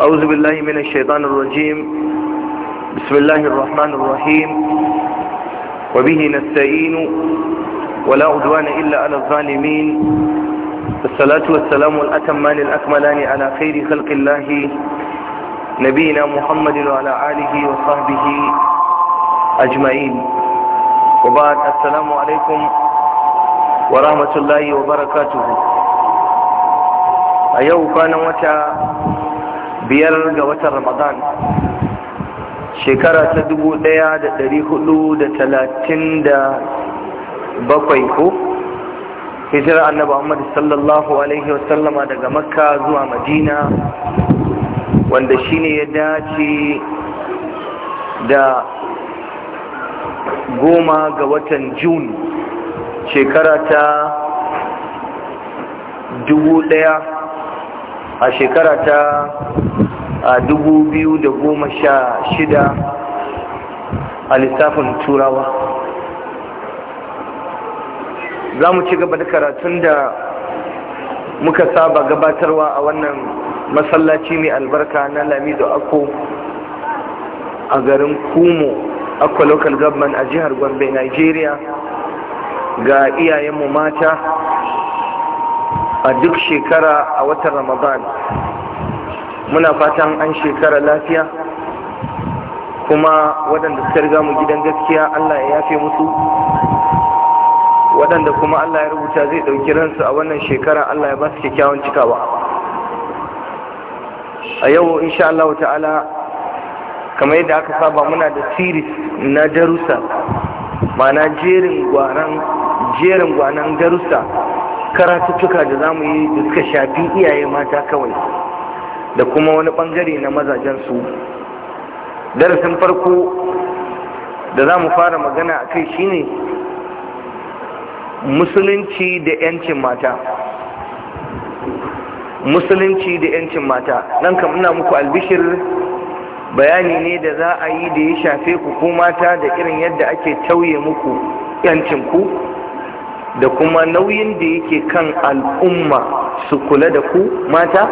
أعوذ بالله من الشيطان الرجيم بسم الله الرحمن الرحيم وبه نستعين ولا عدوان إلا على الظالمين الصلاة والسلام الأتمان الأكملان على خير خلق الله نبينا محمد وعلى آله وصحبه أجمعين وبعد السلام عليكم ورحمة الله وبركاته أيها كان وتا biyar ga watan ramadan shekara ta dubu ɗaya da ɗari hudu da talatin da bakwai ko hijira annabi Muhammad sallallahu alaihi wasallama daga makka zuwa madina wanda shine ya dace da goma ga watan Jun shekara ta dubu ɗaya a shekara ta dubu biyu da goma sha shida a lissafin turawa za mu ci gaba da karatun da muka saba gabatarwa a wannan masallaci mai albarka na lamido ako a garin kumo akwa local government a jihar gombe nigeria ga iyayenmu mata a duk shekara a watan ramadan muna fatan an shekara lafiya kuma waɗanda suka riga mu gidan gaskiya allah ya yafe musu waɗanda kuma allah ya rubuta zai ɗauki ransu a wannan shekara allah ya ba su kyakkyawan cikawa a yau insha allahu ta'ala kamar yadda aka saba muna da siris na darussa ma'ana jerin gwanan jerin gwanan darussa karatuttuka da zamu yi da suka shafi iyaye mata kawai da kuma wani bangare na mazajen su darasin farko da za mu fara magana a kai shine musulunci da 'yancin mata musulunci da 'yancin mata nan kam ina muku albishir bayani ne da za a yi da ya shafe ku ko mata da irin yadda ake tauye muku 'yancin ku? da kuma nauyin da yake kan al'umma su kula da ku mata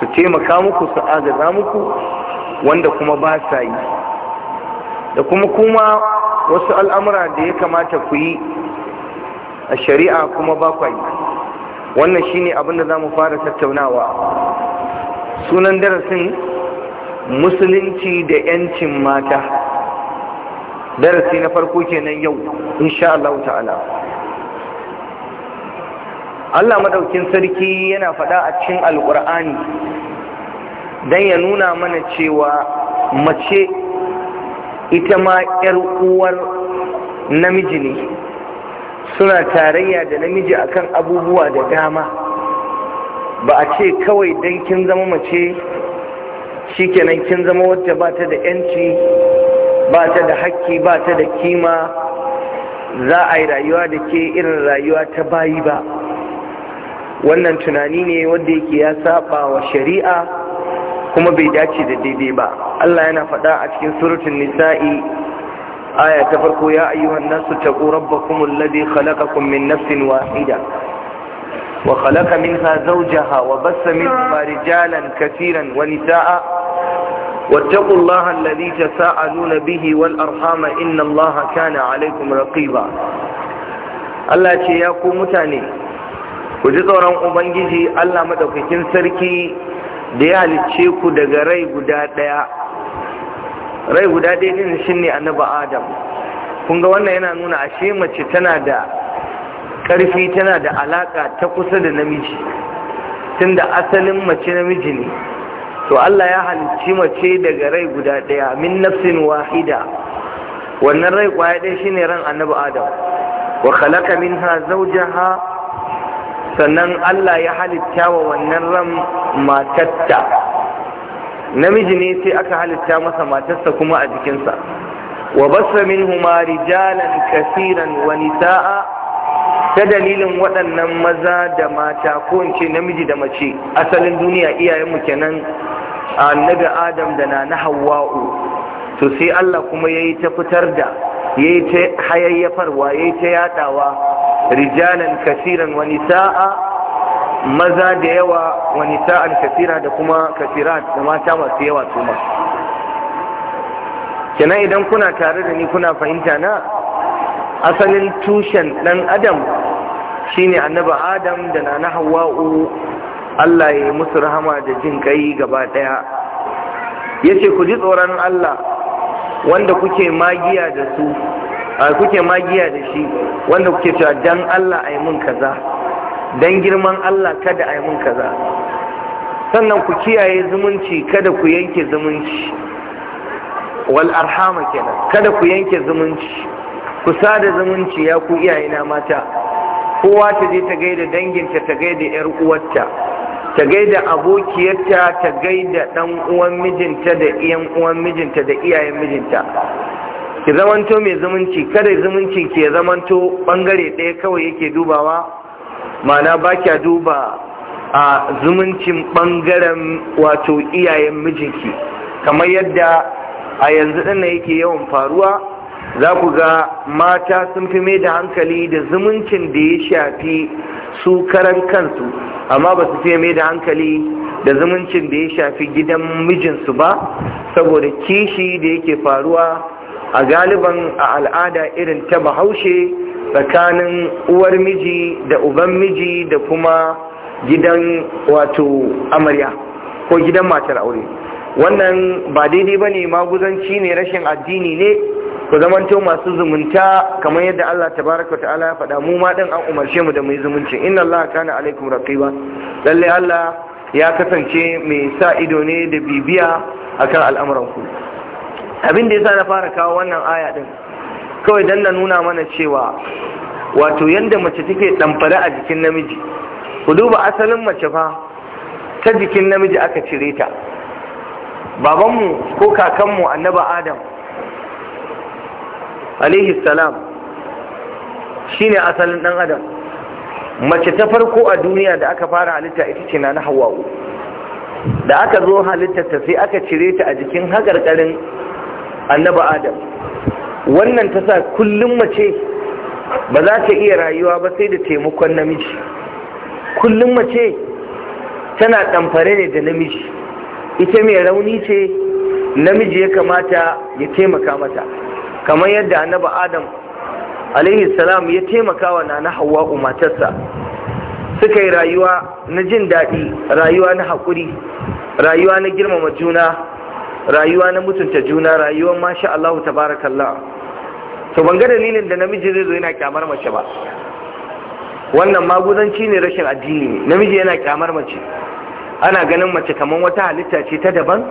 su taimaka muku su agaza muku wanda kuma ba sa yi da kuma kuma wasu al'amura da ya kamata ku yi a shari'a kuma ba kwa yi wannan shine abin da za mu fara tattaunawa sunan darasin musulunci da 'yancin mata darasi na farko kenan yau insha Allah ta'ala Allah madaukin sarki yana faɗa a cikin alkur'ani dan ya nuna mana cewa mace ita ma 'yar uwar namiji ne suna tarayya da namiji akan abubuwa da dama ba a ce kawai dan kin zama mace shikenan kin zama wacce ba ta da 'yanci ba ta da haƙƙi ba ta da kima za a yi rayuwa da ke irin rayuwa ta bayi ba wannan tunani ne wanda yake ya saba wa shari'a kuma bai dace da daidai ba Allah yana faɗa a cikin suratul nisa'i aya ta farko ya ayyuhan nasu taqu rabbakum alladhi khalaqakum min nafsin wahida wa khalaqa minha zawjaha wa bassa minhuma rijalan katiran wa nisaa'a واتقوا الله الذي تساءلون به والأرحام إن الله كان عليكم رقيبا Allah ce ya ku mutane ku ji tsoron ubangiji Allah madaukakin sarki da ya halicce ku daga rai guda ɗaya rai guda ɗaya din ne annaba Adam kun ga wannan yana nuna ashe mace tana da ƙarfi tana da alaka ta kusa da namiji tunda asalin mace namiji ne to Allah ya halicci mace daga rai guda ɗaya min nafsin wahida wannan rai kwaya ɗaya shi ne ran annaba Adam wa min ha zaujaha sannan Allah ya halitta wa wannan ran matatta namiji ne sai aka halitta masa matarsa kuma a jikinsa wa basa minhuma rijalan kasiran wa nisa'a ta dalilin waɗannan maza da mata ko in ce namiji da mace asalin duniya iyayenmu kenan annabi adam da na na hawa'u to sai Allah kuma yayi ta fitar da yayi ta hayayyafarwa yayi ta yadawa rijalan kasiran wa nisa'a maza da yawa wa nisa'an kasira da kuma kasirat da mata masu yawa su ma kenan idan kuna tare da ni kuna fahimta na asalin tushen dan adam shine annabi adam da na hawa'u Allah ya yi musu rahama da jin kai gaba daya yace ku ji tsoron Allah wanda kuke magiya da su a kuke magiya da shi wanda kuke cewa dan Allah a mun kaza dan girman Allah kada a mun kaza sannan ku kiyaye zumunci kada ku yanke zumunci wal arhama kenan kada ku yanke zumunci ku sada zumunci ya ku iyayena mata kowa ta je ta gaida danginta ta gaida yar uwarta ta gaida abokiyarta ta gaida dan uwan mijinta da iyan uwan mijinta da iyayen mijinta ki zamanto mai zumunci kada zumunci ke zamanto bangare ɗaya kawai yake dubawa mana ba kya duba a zumuncin bangaren wato iyayen mijinki kamar yadda a yanzu ɗana yake yawan faruwa za ku ga mata sun fi mai da hankali da zumuncin da ya shafi su karan kansu amma ba su fiye mai da hankali da zumuncin da ya shafi gidan mijinsu ba saboda kishi da yake faruwa a galiban a al'ada irin ta bahaushe tsakanin uwar miji da uban miji da kuma gidan wato amarya ko gidan matar aure wannan ba daidai ba ne maguzanci ne rashin addini ne ku zamanto masu zumunta kamar yadda Allah tabaraka ta'ala ya faɗa mu ma ɗin an umarce mu da mai zumunci inna Allah kana alaikum raqiba lalle Allah ya kasance mai sa ido ne da bibiya akan al'amuranku abin da ya sa na fara kawo wannan aya din kawai don na nuna mana cewa wato yadda mace take damfara a jikin namiji ku duba asalin mace fa ta jikin namiji aka cire ta babanmu ko kakanmu annaba adam alaihi salam ne asalin dan adam mace ta farko a duniya da aka fara halitta ita ce na na hawa'u da aka zo halittarta sai aka cire ta a jikin haƙarƙarin annabi adam wannan ta sa kullum mace ba za ta iya rayuwa ba sai da taimakon namiji kullum mace tana ɗamfare ne da namiji ita mai rauni ce namiji ya kamata ya taimaka mata kamar yadda annabi adam alaihi salam ya taimaka wa na hawa matarsa suka yi rayuwa na jin daɗi rayuwa na haƙuri rayuwa na girmama juna rayuwa na mutunta juna rayuwar masha Allah tabarakallah to ban ga dalilin da namiji zai zo yana kyamar mace ba wannan maguzanci ne rashin addini ne namiji yana kyamar mace ana ganin mace kamar wata halitta ce ta daban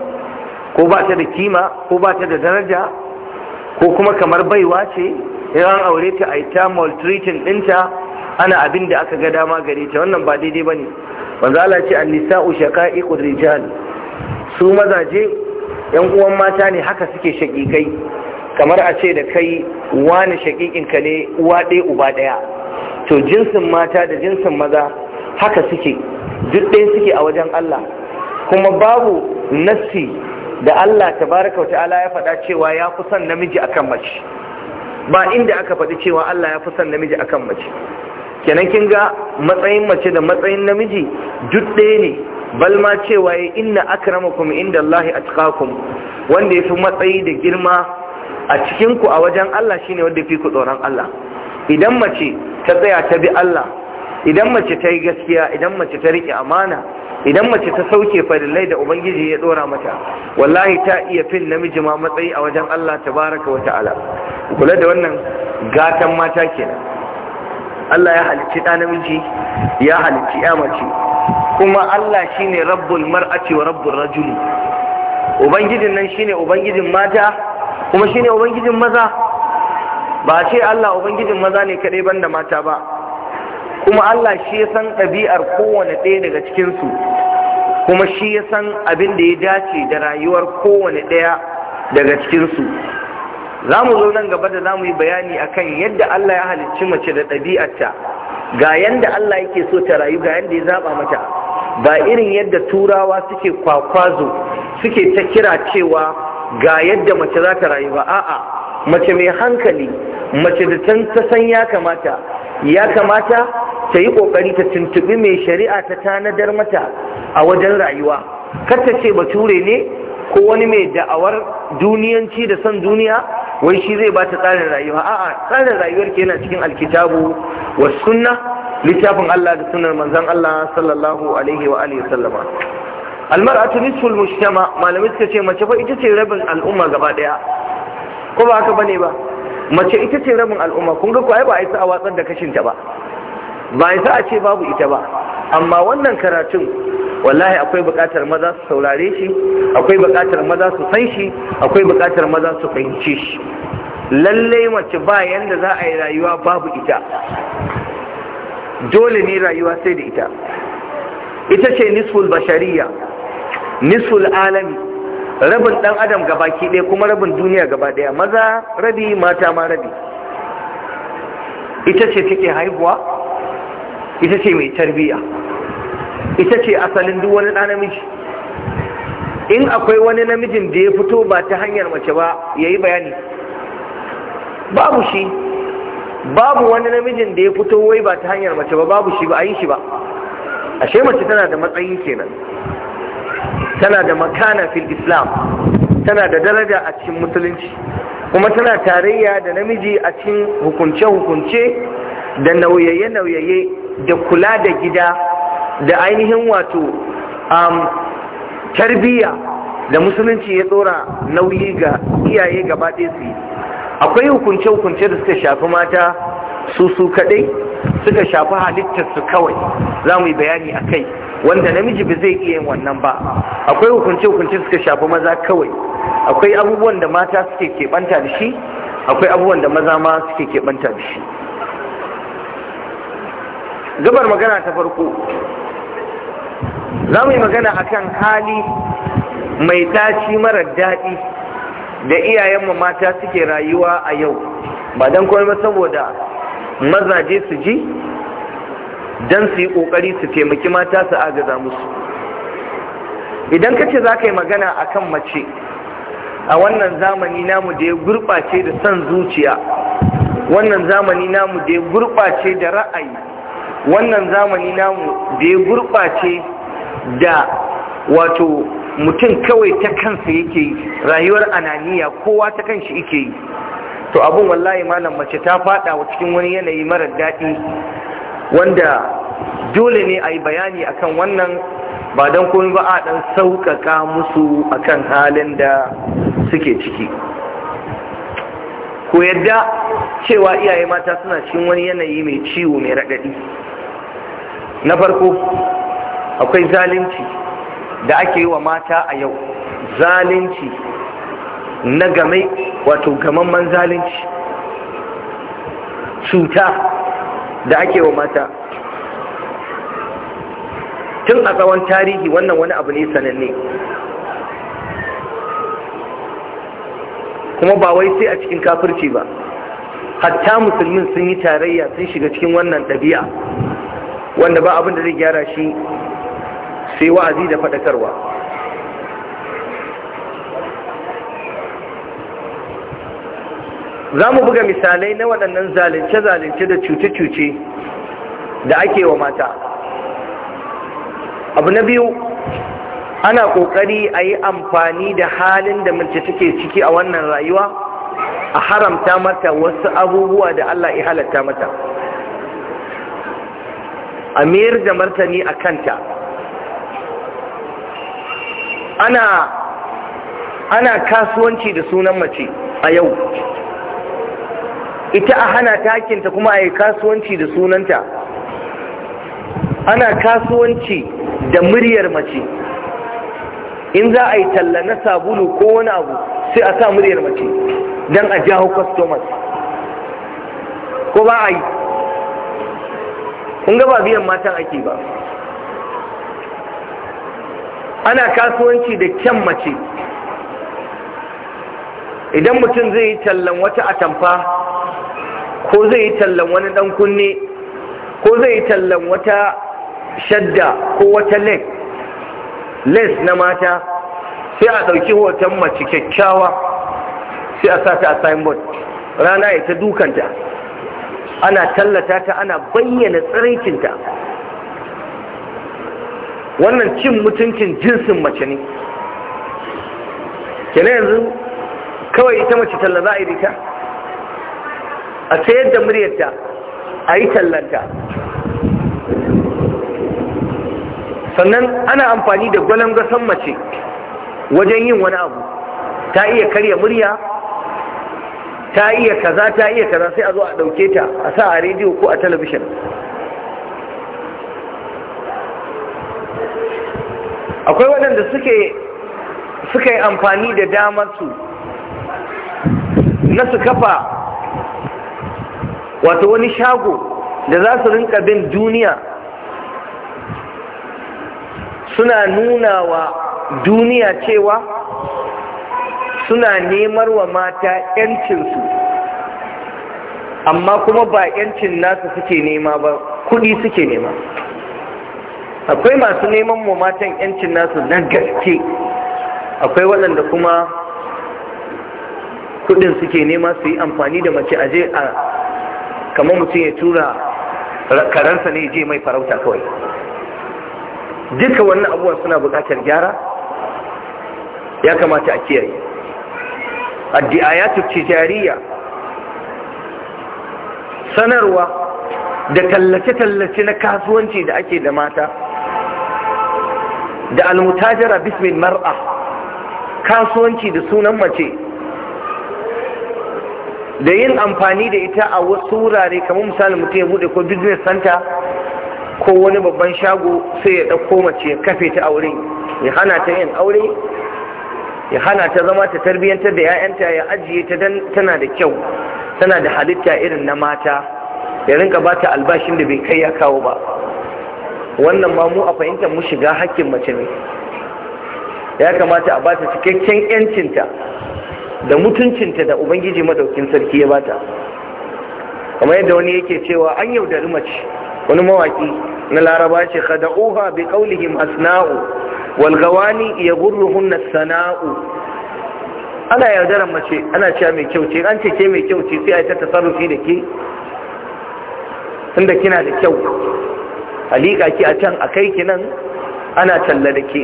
ko ba ta da kima ko ba ta da daraja ko kuma kamar baiwa ce an aure ta a ita maltreating ɗinta ana abin da aka ga dama gare ta wannan ba daidai ba ne wanzu ala ce an nisa'u shaka'iqur rijal su mazaje yan uwan mata ne haka suke shakikai kamar a ce da kai wani shaƙiƙinka ne uwa ɗaya uba ɗaya to jinsin mata da jinsin maza haka suke duk ɗaya suke a wajen Allah kuma babu nassi da Allah tabaraka ta'ala ya faɗa cewa ya fi son namiji akan mace ba inda aka faɗi cewa Allah ya fi son namiji akan mace kenan kin ga matsayin mace da matsayin namiji duk ɗaya ne bal ma cewa ya inna akramakum inda Allah atqakum wanda yafi matsayi da girma a cikinku a wajen Allah shine wanda fi ku tsoron Allah idan mace ta tsaya ta bi Allah idan mace ta yi gaskiya idan mace ta rike amana idan mace ta sauke farillai da ubangiji ya dora mata wallahi ta iya fin namiji ma matsayi a wajen Allah tabaraka wa ta'ala kula da wannan gatan mata kenan Allah ya halicci ɗa namiji ya halicci ya mace kuma Allah shine rabbul mar'ati wa rabbul rajul ubangijin nan shine ubangijin mata kuma shine ubangijin maza ba ce Allah ubangijin maza ne kadai banda mata ba kuma Allah shi ya san ɗabi'ar kowane ɗaya daga cikinsu. kuma shi ya san abin da ya dace da rayuwar kowane ɗaya daga cikinsu. za mu zo nan gaba da za mu yi bayani akan yadda Allah ya halicci mace da ɗabi'arta ga yadda Allah yake so ta rayu ga yadda ya zaɓa mata ba irin yadda turawa suke kwakwazo suke ta kira cewa ga yadda mace za ta rayu ba a'a mace mai hankali mace da ta san ya kamata ya kamata ta yi kokari ta tuntubi mai shari'a ta tanadar mata a wajen rayuwa kar ta ce bature ne ko wani mai da'awar duniyanci da son duniya wai shi zai ba ta tsarin rayuwa a'a tsarin rayuwar ke yana cikin alkitabu wa sunna littafin Allah da sunan manzon Allah sallallahu alaihi wa alihi sallama almar'atu nisful mujtama malami suka ce mace fa ita ce rabin al'umma gaba daya ko ba haka bane ba mace ita ce rabin al'umma kun ga ko ba a isa a watsar da kashin ta ba ba a a ce babu ita ba amma wannan karatun wallahi akwai buƙatar maza su saurare shi akwai buƙatar maza su san shi akwai buƙatar maza su fahimce shi Lallai mace ba yanda za a yi rayuwa babu ita dole ne rayuwa sai da ita ita ce nisful bashariya nisful alami rabin dan adam gabaki ɗaya kuma rabin duniya gaba ɗaya maza rabi mata ma rabi ita ce take haihuwa ita ce mai tarbiyya ita ce asalin duk wani ɗan namiji in akwai wani namijin da ya fito ba ta hanyar mace ba ya yi bayani babu shi babu wani namijin da ya fito wai ba ta hanyar mace ba babu shi ba a yi shi ba ashe mace tana da matsayi kenan tana da makana fil islam tana da daraja a cikin musulunci kuma tana tarayya da namiji a cikin hukunce-hukunce da nauyaye-nauyaye da kula da gida da ainihin wato um, tarbiyya da musulunci ya tsora nauyi ga iyaye gaba ɗaya su yi akwai hukunce-hukunce da suka shafi mata su su kadai suka shafi halittar su kawai za mu yi bayani a kai wanda namiji ba zai iya yin wannan ba akwai hukunce-hukunce suka shafi maza kawai akwai abubuwan da mata suke keɓanta da shi akwai abubuwan da maza ma suke keɓanta da shi gabar magana ta farko za mu yi magana akan hali mai ɗaci marar daɗi da iyayenmu mata suke rayuwa a yau ba don kawai ba saboda mazaje su ji don su yi ƙoƙari su taimaki mata su agaza musu idan kace ce za ka yi magana a kan mace a wannan zamani namu da ya gurɓace da son zuciya wannan zamani namu da ya gurɓace da ra'ayi wannan zamani namu da ya gurɓace da wato mutum kawai ta kansa yake rayuwar ananiya kowa ta kanshi yake yi to abin wallahi malam mace ta fada wa cikin wani yanayi mara daɗi wanda dole ne a yi bayani akan wannan ba don komai ba a ɗan sauƙaƙa musu akan halin da suke ciki ko yadda cewa iyaye mata suna cikin wani yanayi mai ciwo mai raɗaɗi na farko akwai zalunci da ake yi wa mata a yau zalunci na game wato gamamman zalunci cuta da ake wa mata tun a tsawon tarihi wannan wani abu ne sananne kuma ba wai sai a cikin kafirci ba hatta musulmin sun yi tarayya sun shiga cikin wannan ɗabi'a wanda ba abin da zai gyara shi sai wa'azi da faɗakarwa za mu buga misalai na waɗannan zalunce zalince da cuce-cuce da ake wa mata abu na biyu ana ƙoƙari a yi amfani da halin da mace take ciki a wannan rayuwa a haramta mata wasu abubuwa da Allah ya halatta mata a mayar da martani a kanta ana ana kasuwanci da sunan mace a yau ita a hana takinta kuma a yi kasuwanci da sunanta ana kasuwanci da muryar mace in za a yi talla na sabulu ko wani abu sai a sa muryar mace don a jawo customers ko ba a yi kun ba biyan matan ake ba ana kasuwanci da kyan mace idan mutum zai yi tallan wata atamfa ko zai yi tallan wani dan kunne ko zai yi tallan wata shadda ko wata leg les na mata sai a ɗauki hoton mace kyakkyawa sai a sa a signboard rana ya ta dukanta ana tallata ta ana bayyana tsiraicinta wannan cin mutuncin jinsin mace ne kenan yanzu kawai ita mace talla za a yi rita a sayar da muryarta a yi tallanta sannan ana amfani da gwalangasan mace wajen yin wani abu ta iya karya murya ta iya kaza ta iya kaza sai a zo a ɗauke ta a sa a rediyo ko a talabishin akwai waɗanda suka yi amfani da damarsu na su kafa wato wani shago da za su rinka bin duniya suna nuna wa duniya cewa suna nemar wa mata 'yancinsu amma kuma ba 'yancin nasu suke nema ba kudi suke nema akwai masu neman mu matan yancin nasu na gaske akwai waɗanda kuma kudin suke nema su yi amfani da mace aje a kamar mutum ya tura karansa ne je mai farauta kawai duka wannan abubuwan suna buƙatar gyara ya kamata a kiyaye addi'ayatu tijariya sanarwa da tallace-tallace na kasuwanci da ake da mata da almutajara bismin mar'a kasuwanci da sunan mace da yin amfani da ita a wasu wurare kamar misali mutum ya bude ko business center ko wani babban shago sai ya ɗauko mace ya kafe ta aure ya hana ta yin aure ya hana ta zama ta tarbiyyantar da 'ya'yanta ya ajiye ta dan tana da kyau tana da halitta irin na mata ya rinka ba ta albashin da bai kai ya kawo ba wannan ma mu a fahimtar mu shiga hakkin mace ne ya kamata a ba ta cikakken yancinta da mutuncinta da ubangiji madaukin sarki ya bata kamar yadda wani yake cewa an yaudari mace wani mawaki na laraba ce uha bi qawlihim asna'u wal gawani yaghurruhunna sana'u ana yaudaran mace ana cewa mai kyau ce an ce ke mai kyau ce sai a ta tasarrufi da ke tunda kina da kyau halika ki a can a kai ki nan ana talla da ke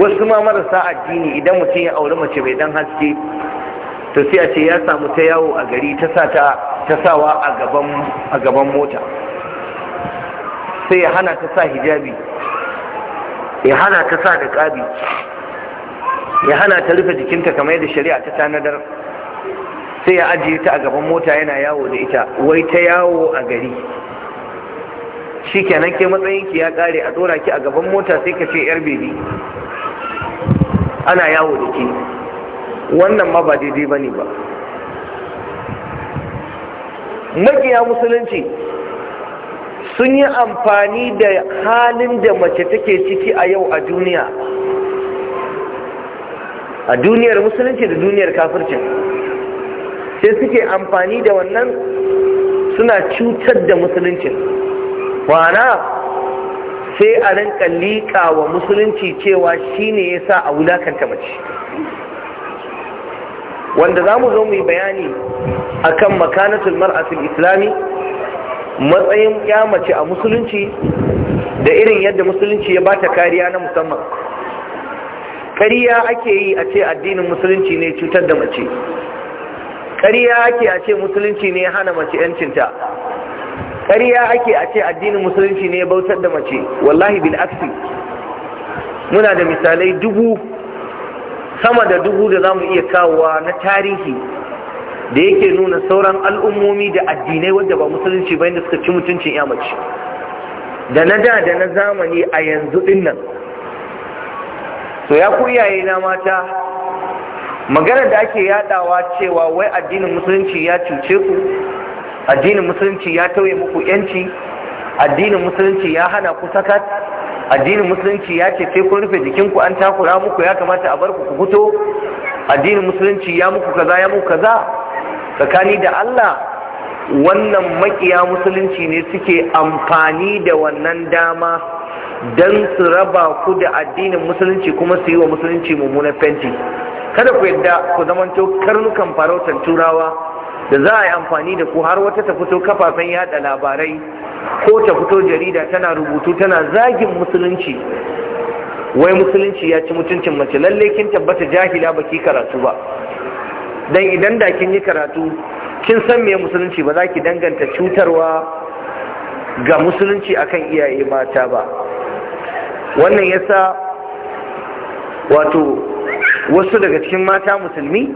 wasu ma marasa addini idan mutum ya auri mace mai dan haske to sai a ce ya samu ta yawo a gari ta sa ta sawa a gaban mota sai ya hana ta sa hijabi ya hana ta sa da ƙabi ya hana ta rufe jikinta kamar yadda shari'a ta tanadar sai ya ajiye ta a gaban mota yana yawo da ita wai ta yawo a gari shikenan ke matsayin ki ya kare a dora ki a gaban mota sai ka ce yar bebi ana yawo da ke wannan ma ba daidai ba ne ba makiya musulunci sun yi amfani da halin da mace take ciki a yau a duniya a duniyar musulunci da duniyar kafircin sai suke amfani da wannan suna cutar da musuluncin Wana sai a rinka liƙa wa musulunci cewa shine ya sa a wulakanta mace wanda za mu zo mu yi bayani a kan makanatul mar'atul islami matsayin ya mace a musulunci da irin yadda musulunci ya bata kariya na musamman kariya ake yi a ce addinin musulunci ne cutar da mace kariya ake a ce musulunci ne hana mace yancinta ƙarya ake a ce addinin musulunci ne ya bautar da mace wallahi bil aksi muna da misalai dubu sama da dubu da za mu iya kawowa na tarihi da yake nuna sauran al'ummomi da addinai wadda ba musulunci ba da suka ci mutuncin ya mace da na da da na zamani a yanzu dinnan. nan so ya ku iyaye na mata maganar da ake yadawa cewa wai addinin musulunci ya cuce ku addinin musulunci ya tauye muku yanci addinin musulunci ya hana ku sakat addinin musulunci ya ce sai kun rufe jikinku an takura muku ya kamata a bar ku fito addinin musulunci ya muku kaza ya muku kaza tsakani da Allah wannan makiya musulunci ne suke amfani da wannan dama don su raba ku da addinin musulunci kuma su yi wa musulunci mummunan fenti kada ku yadda ku zamanto karnukan farautar turawa da za a yi amfani da ku har wata ta fito kafafen yada labarai ko ta fito jarida tana rubutu tana zagin musulunci wai musulunci ya ci mutuncin mace lalle kin tabbata jahila ba ki karatu ba dan idan da kin yi karatu kin san me musulunci ba za ki danganta cutarwa ga musulunci akan iyaye mata ba wannan yasa wato wasu daga cikin mata musulmi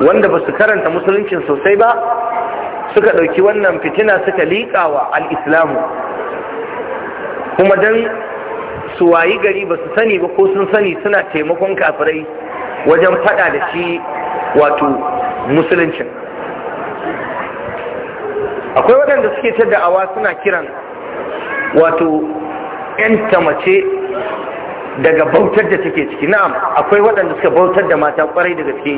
wanda ba su karanta musuluncin sosai ba suka ɗauki wannan fitina suka liƙawa al'islamu kuma don su wayi gari ba su sani ba ko sun sani suna taimakon kafirai wajen faɗa da shi wato musuluncin akwai waɗanda suke ta da'awa suna kiran wato 'yan mace daga bautar da take ciki na'am akwai waɗanda suka bautar da mata kwarai daga gaske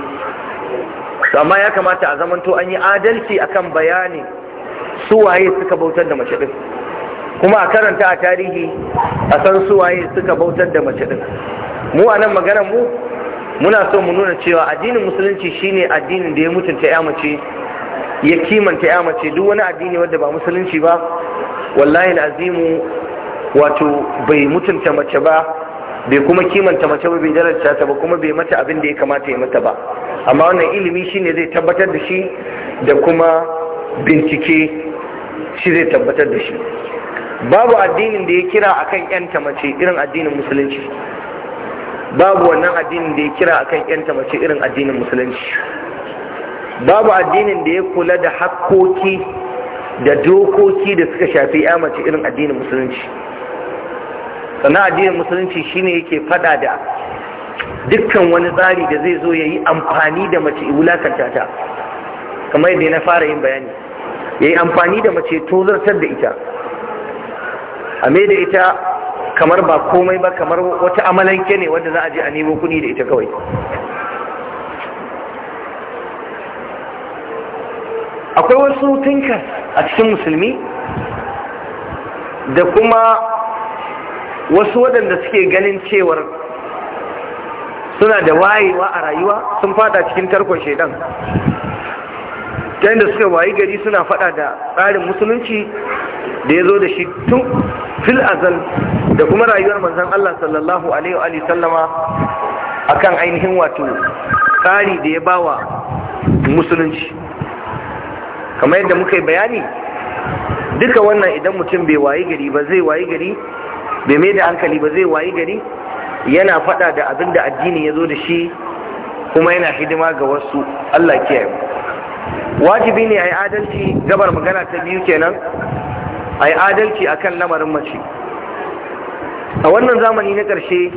amma ya kamata a zamanto an yi adalci akan bayani suwaye suka bautar da mace din kuma a karanta a tarihi a san suwaye suka bautar da mace din mu a nan maganar mu muna so mu nuna cewa addinin musulunci shine addinin da ya mutunta ya mace ya kimanta ya mace duk wani addini wanda ba musulunci ba wallahi azimu wato bai mutunta mace ba bai kuma kimanta mace ba bai daraja ta ba kuma bai mata abin da ya kamata ya mata ba amma wannan ilimi shi ne zai tabbatar da shi da kuma bincike shi zai tabbatar da shi babu addinin da ya kira akan yanta mace irin addinin musulunci babu wannan addinin da ya kira akan yanta mace irin addinin musulunci babu addinin da ya kula da hakkoki da dokoki da suka shafi ya mace irin addinin musulunci sannan addinin musulunci shine yake fada da dukkan wani tsari da zai zo ya yi amfani da mace wulakanta ta kamar yadda na fara yin bayani ya yi amfani da mace tozartar da ita a mai da ita kamar ba komai ba kamar wata amalanke ne wanda za a je a nemo kuni da ita kawai akwai wasu tinkas a cikin musulmi da kuma wasu waɗanda suke ganin cewar suna da wayewa a rayuwa sun fada cikin tarkon shaidan ta yadda suka wayi gari suna fada da tsarin musulunci da ya zo da shi tun fil azal da kuma rayuwar manzan Allah sallallahu alaihi wa sallama kan ainihin wato tsari da ya ba wa musulunci kamar yadda muka yi bayani duka wannan idan mutum bai wayi gari ba zai wayi gari bai mai da hankali ba zai wayi gari yana faɗa da abin da addini ya zo da shi kuma yana hidima ga wasu Allah kiyaye wajibi ne a yi adalci gabar magana ta biyu kenan a yi adalci a kan lamarin mace a wannan zamani na ƙarshe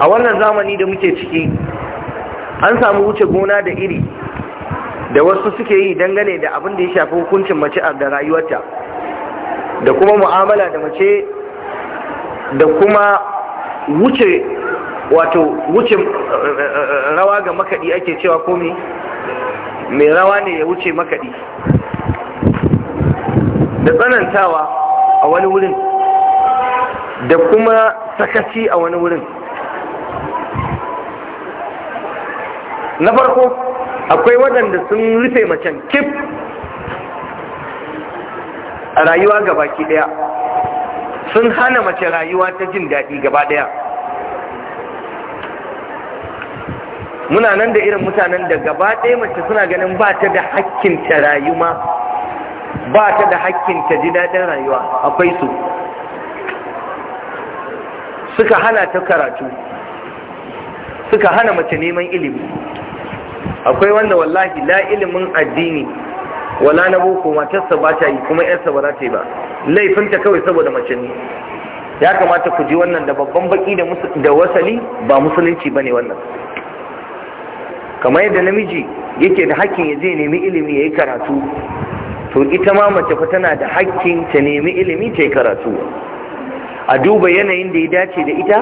a wannan zamani da muke ciki an samu wuce gona da iri da wasu suke yi dangane da abin da ya shafi hukuncin mace a da rayuwarta da kuma mu'amala da mace da kuma wuce wato wuce eh, eh, rawa ga makaɗi ake cewa komi mai rawa ne ya wuce makaɗi da tsanantawa a wani wurin da kuma sakaci a wani wurin na farko akwai waɗanda sun rufe macen kif a rayuwa ga baki ɗaya sun hana mace rayuwa ta jin daɗi gaba ɗaya muna nan da irin mutanen da gaba ɗaya mace suna ganin ba ta da hakkin ta rayuwa ba ta da hakkin ta ji daɗin rayuwa akwai su suka hana ta karatu suka hana mace neman ilimi akwai wanda wallahi la ilimin addini wala na boko matarsa ba ta yi kuma yarsa ba za ta yi ba laifinta kawai saboda mace ne ya kamata ku ji wannan da babban baki da wasali ba musulunci ba ne wannan kamar yadda namiji yake da hakkin ya je nemi ilimi ya yi karatu to ita ma mace fa tana da hakkin ta nemi ilimi ta yi karatu a duba yanayin da ya dace da ita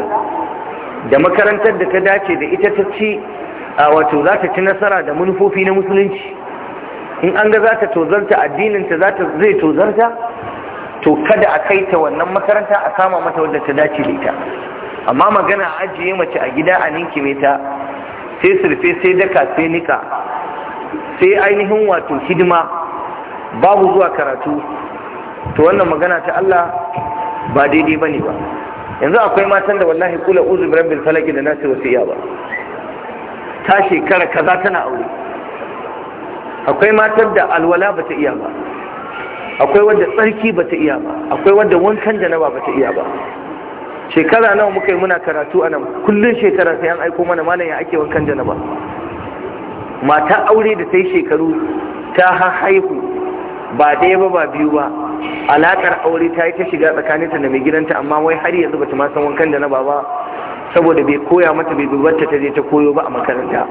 da makarantar da ta dace da ita ta ci wato za ta ci nasara da manufofi na musulunci in an ga za ta tozarta addininta za ta zai tozarta to kada a kai ta wannan makaranta a sama mata wadda ta dace da ita amma magana a ajiye mace a gida a ninki mai ta sai surfe sai daka sai nika sai ainihin wato hidima babu zuwa karatu to wannan magana ta Allah ba daidai ba ne ba yanzu akwai matan da wallahi kula uzu rabbil falaki da nasu wasu iya ba ta shekara kaza tana aure akwai matar da alwala ba ta iya ba akwai wadda tsarki ba ta iya ba akwai wadda wankan da ba ta iya ba shekara nawa muka yi muna karatu a nan kullum shekara sai an aiko mana malam ya ake wankan da nawa mata aure da ta shekaru ta haihu ba ɗaya ba ba biyu ba alaƙar aure ta yi ta shiga tsakaninta da mai gidanta amma wai har yanzu bata ma san wankan da nawa ba saboda bai koya mata bai dubarta ta je ta koyo ba a makaranta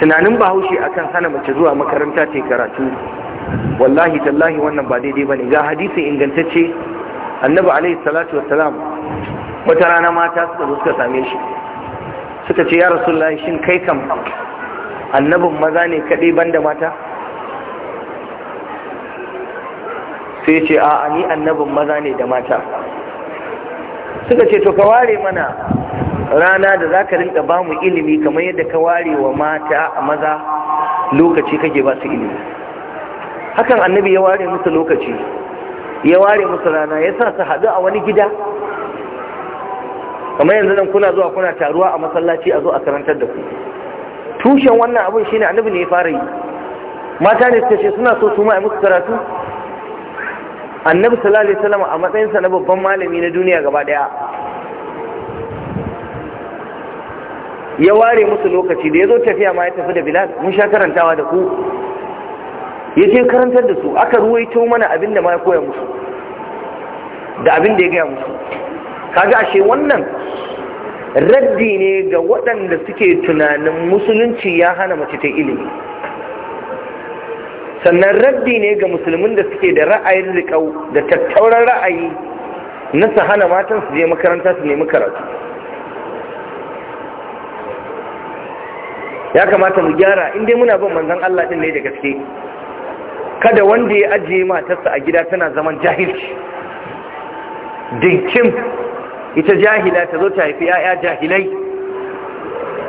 tunanin bahaushe akan hana mace zuwa makaranta ta karatu wallahi tallahi wannan ba daidai bane ga hadisi ingantacce annabi alaihi salatu wassalam wata rana mata suka zo suka same shi suka ce ya rasulullahi shin kai kam annabin maza ne kaɗai banda mata sai ce a ni annabin maza ne da mata suka ce to ka ware mana rana da za ka rinka ba mu ilimi kamar yadda ka ware wa mata a maza lokaci kake ba su ilimi hakan annabi ya ware musu lokaci ya ware musu rana ya sa su haɗu a wani gida kamar yanzu nan kuna zuwa kuna taruwa a masallaci a zo a karantar da ku tushen wannan abin shine annabi ne ya fara yi mata ne suka ce suna so su ma musu karatu annabi sallallahu alaihi wasallam a matsayinsa na babban malami na duniya gaba daya ya ware musu lokaci da ya zo tafiya ma ya tafi da bilal mun sha karantawa da ku ya je karantar da su aka ruwaito mana abin da ma ya koya musu da abin da ya gaya musu kaga ashe wannan raddi ne ga waɗanda suke tunanin musulunci ya hana mace ta ilimi sannan raddi ne ga musulmin da suke da ra'ayin riƙau da tattauran ra'ayi na su hana matan su je makaranta su nemi karatu ya kamata mu gyara in dai muna bin manzon Allah din ne da gaske kada wanda ya ajiye matarsa a gida tana zaman jahilci Dinkin ita jahila ta zo ta haifi ya'ya jahilai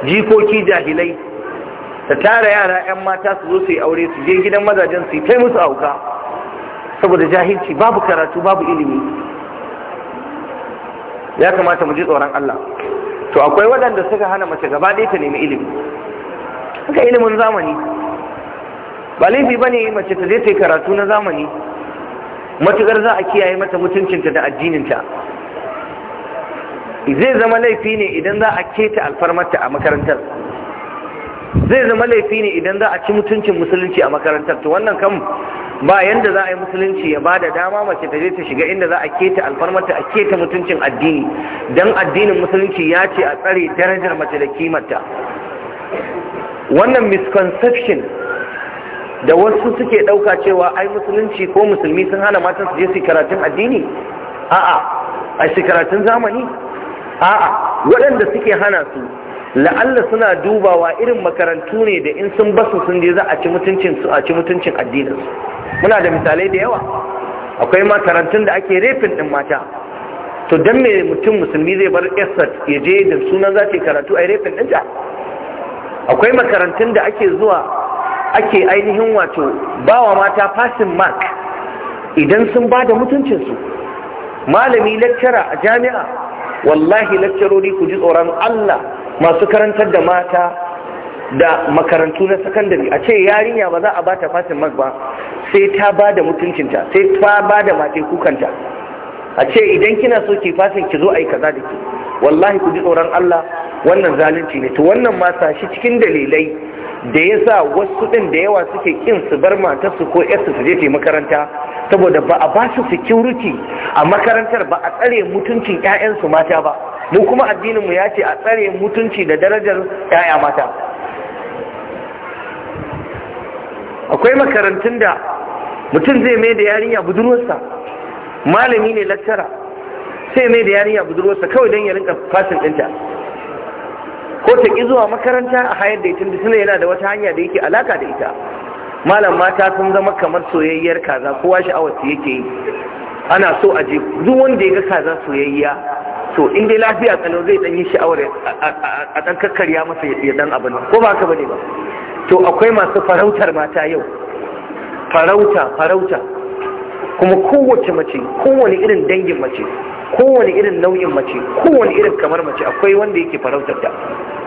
jikoki jahilai ta tara yara 'yan mata su zo su yi aure su je gidan mazajen su yi musu auka saboda jahilci babu karatu babu ilimi ya kamata mu ji tsoron Allah to akwai waɗanda suka hana mace gaba ɗaya ta nemi ilimi haka ilimin zamani ba laifi ba ne mace ta zai ta karatu na zamani matuƙar za a kiyaye mata mutuncinta da addininta zai zama laifi ne idan za a keta alfarmarta a makarantar zai zama laifi ne idan za a ci mutuncin musulunci a makarantar to wannan kan ba yanda za a yi musulunci ya ba da dama mace ta zai ta shiga inda za a keta alfarmarta a keta mutuncin addini don addinin musulunci ya ce a tsare darajar mace da kimarta wannan misconception da wasu suke ɗauka cewa ai musulunci ko musulmi sun hana matan su je su karatun addini a'a ai su karatun zamani a'a waɗanda suke hana su la'alla suna dubawa irin makarantu ne da in sun basu sun je za a ci mutuncin su a ci mutuncin addinin su muna da misalai da yawa akwai makarantun da ake refin din mata to dan me mutum musulmi zai bar esat ya je da sunan za karatu ai refin ɗinta akwai makarantun da ake zuwa ake ainihin wato ba wa mata fasin mark idan sun ba da mutuncinsu malami lecturer a jami'a wallahi lecturori ku ji tsoron Allah masu karantar da mata da makarantu na sakandare a ce yarinya ba za a ba ta fasin mark ba sai ta ba da mutuncinta sai ta ba da mate kukanta a ce idan kina so ki fasin ki zo a yi kaza da ke wallahi ku ji tsoron Allah wannan zalunci ne to wannan ma sashi cikin dalilai da ya sa wasu ɗin da yawa suke ƙin su bar matarsu ko yarsu su je ta makaranta saboda ba a ba su security a makarantar ba a tsare mutuncin 'ya'yansu mata ba mu kuma addininmu ya ce a tsare mutunci da darajar 'ya'ya mata akwai makarantun da mutum zai mai da yarinya budurwarsa malami ne lattara sai mai da yarinya budurwarsa kawai don ya rinka fasin ɗinta ko ta ƙi zuwa makaranta a hayar da ita tunda yana da wata hanya da yake alaka da ita malam mata sun zama kamar soyayyar kaza kowa sha'awar ta yake yi ana so a je duk wanda ya ga kaza soyayya to in dai lafiya kano zai dan yi sha'awar a dan kakkarya masa ya dan abin ko ba haka bane ba to akwai masu farautar mata yau farauta farauta kuma kowace mace kowane irin dangin mace kowane irin nauyin mace kowane irin kamar mace akwai wanda yake farautar da.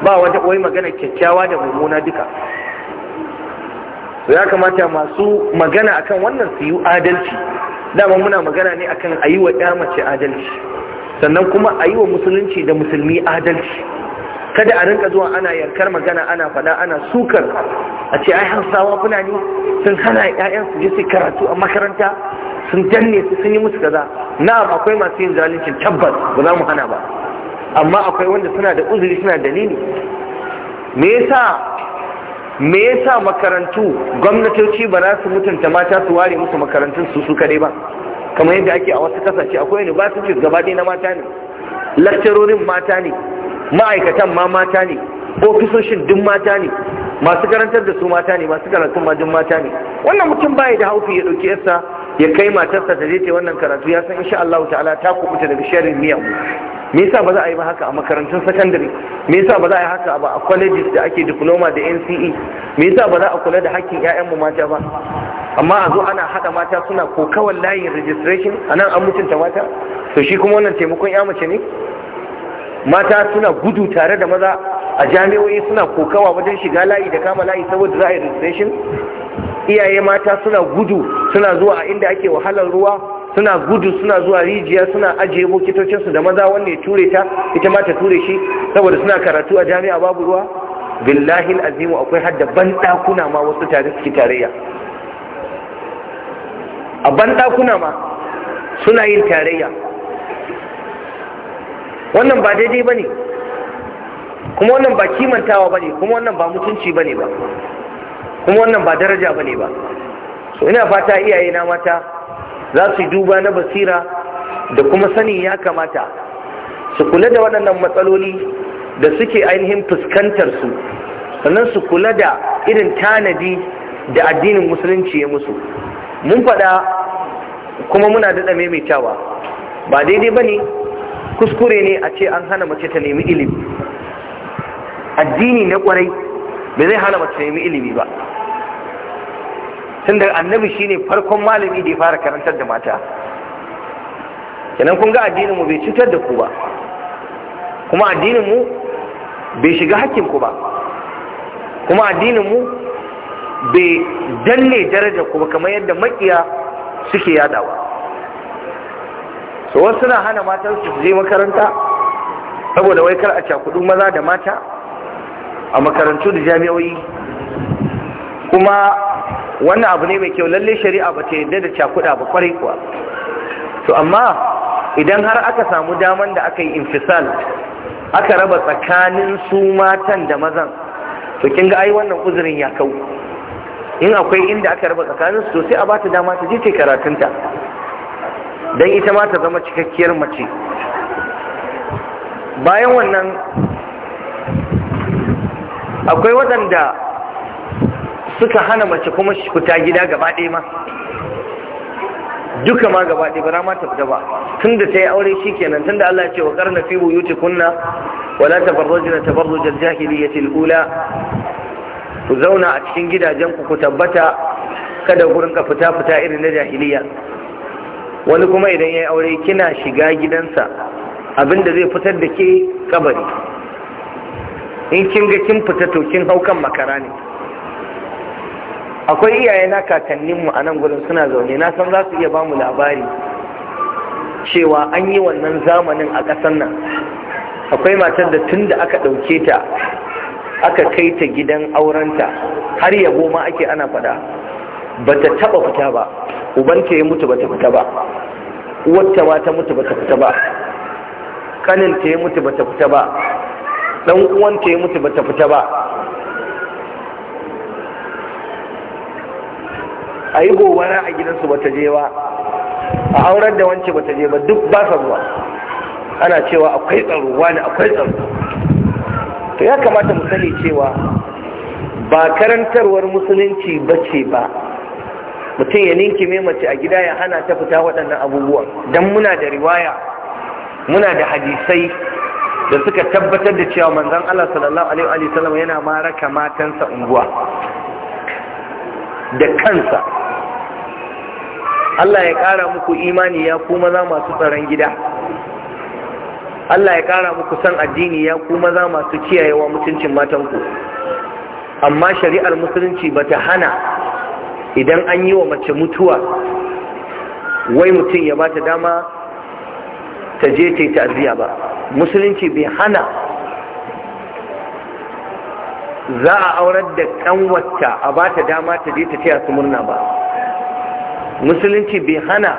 ba wata koyi magana kyakkyawa da mummuna duka ya kamata masu magana akan wannan su yi adalci dama muna magana ne akan a yi ɗa mace adalci sannan kuma a yi musulunci da musulmi adalci kada a rinka zuwa ana yarkar magana ana faɗa ana sukar a ce ai hausawa fulani sun hana 'ya'yansu je su karatu a makaranta sun danne su sun yi musu kaza na'am akwai masu yin zalunci tabbas ba za mu hana ba amma akwai wanda suna da uzuri suna dalili me yasa me yasa makarantu gwamnatoci ba za su mutunta mata su ware musu makarantun su su kare ba kamar yadda ake a wasu kasashe akwai ba su ce gaba ɗaya na mata ne lakcarorin mata ne ma'aikatan ma mata ne ofisoshin duk mata ne masu karantar da su mata ne masu karantar ma duk mata ne wannan mutum baya da haufi ya ɗauki yarsa ya kai matarsa ta je wannan karatu ya san insha Allah ta'ala ta kubuta daga miya mu me yasa ba za a yi ba haka a makarantun sakandare me yasa ba za a yi haka ba a colleges da ake diploma da NCE me yasa ba za a kula da hakkin ƴaƴan mu mata ba amma a zo ana hada mata suna kokawan layin registration anan an mutunta mata to shi kuma wannan taimakon ya mace ne mata suna gudu tare da maza a jami'o'i suna kokawa wajen shiga layi da kama layi saboda za a yi registration iyaye mata suna gudu suna zuwa a inda ake wahalar ruwa suna gudu suna zuwa rijiya suna ajiye bokitocinsu da maza wanda ya ture ta ita ma ta ture shi saboda suna karatu a jami'a babu ruwa billahi Al-azim akwai hadda ban dakuna ma wasu tare suke tarayya a ban dakuna ma suna yin tarayya wannan ba daidai bane kuma wannan ba kimantawa bane kuma wannan ba mutunci bane ba kuma wannan ba daraja bane ba so ina fata iyaye na mata za su duba na basira da kuma sani ya kamata su kula da waɗannan matsaloli da suke ainihin fuskantar su sannan su kula da irin tanadi da addinin musulunci ya musu mun faɗa kuma muna daɗa maimaitawa ba daidai ba ne kuskure ne a ce an hana mace ta nemi ilimi addini na kwarai bai zai hana mace nemi ilimi ba tun da annabi shine farkon malami da ya fara karantar da mata kenan kun ga addinin mu bai cutar da ku ba kuma addinin mu bai shiga hakkin ku ba kuma addinin mu bai danne daraja ku ba kamar yadda makiya suke yadawa so wasu suna hana matansu su je makaranta saboda waikar a cakudu maza da mata a makarantu da jami'oi kuma wannan abu ne mai kyau lalle shari'a ba ta yadda da cakuɗa ba kwarai kuwa to amma idan har aka samu daman da aka yi infisal aka raba tsakanin su matan da mazan to kin ga ai wannan uzurin ya kau in akwai inda aka raba tsakanin su sai a bata dama ta je ta karatunta dan ita ma ta zama cikakkiyar mace bayan wannan akwai waɗanda suka hana mace kuma shi fita gida gaba ɗaya ma duka ma gaba ɗaya bara ma ta fita ba tun da ta yi aure shi kenan tun da Allah ce wa ƙarna fi buyuti kunna wala tabarrujna tabarrujal jahiliyyati al-ula ku zauna a cikin gidajen ku ku tabbata kada gurin ka fita fita irin na jahiliya wani kuma idan ya yi aure kina shiga gidansa abinda zai fitar da ke kabari in kin ga kin fita to kin hau kan makara ne akwai iyaye na kakanninmu a nan gudun suna zaune na san za su iya bamu labari cewa an yi wannan zamanin a ƙasar nan akwai matar da tun da aka ɗauke ta aka kai ta gidan aurenta har yabo ma ake ana fada ba ta taɓa fita ba ubanta ya mutu ba ta fita ba wata ma ta mutu ba ta fita ba kaninta ya mutu ba ta fita ba dan uwanta ya mutu bata fita ba a yi gobara a gidansu bata je ba a aurar da wance bata je ba duk ba sa zuwa ana cewa akwai tsaro wani akwai tsaro to ya kamata mu sani cewa ba karantarwar musulunci ba ce ba mutum ya ninki mai mace a gida ya hana ta fita waɗannan abubuwan don muna da riwaya muna da hadisai da suka tabbatar da cewa manzon Allah sallallahu alaihi wa yana maraka matansa unguwa da kansa Allah ya ƙara muku imani ya ku maza masu tsaron gida Allah ya kara muku san addini ya ku maza masu kiyayewa mutuncin matanku amma shari'ar musulunci bata hana idan an yi wa mace mutuwa wai mutum ya ba ta dama ta je ta yi ta'aziyya ba musulunci bai hana za a aurar da kanwata a ba ta dama ta je ta taya su murna ba musulunci bai hana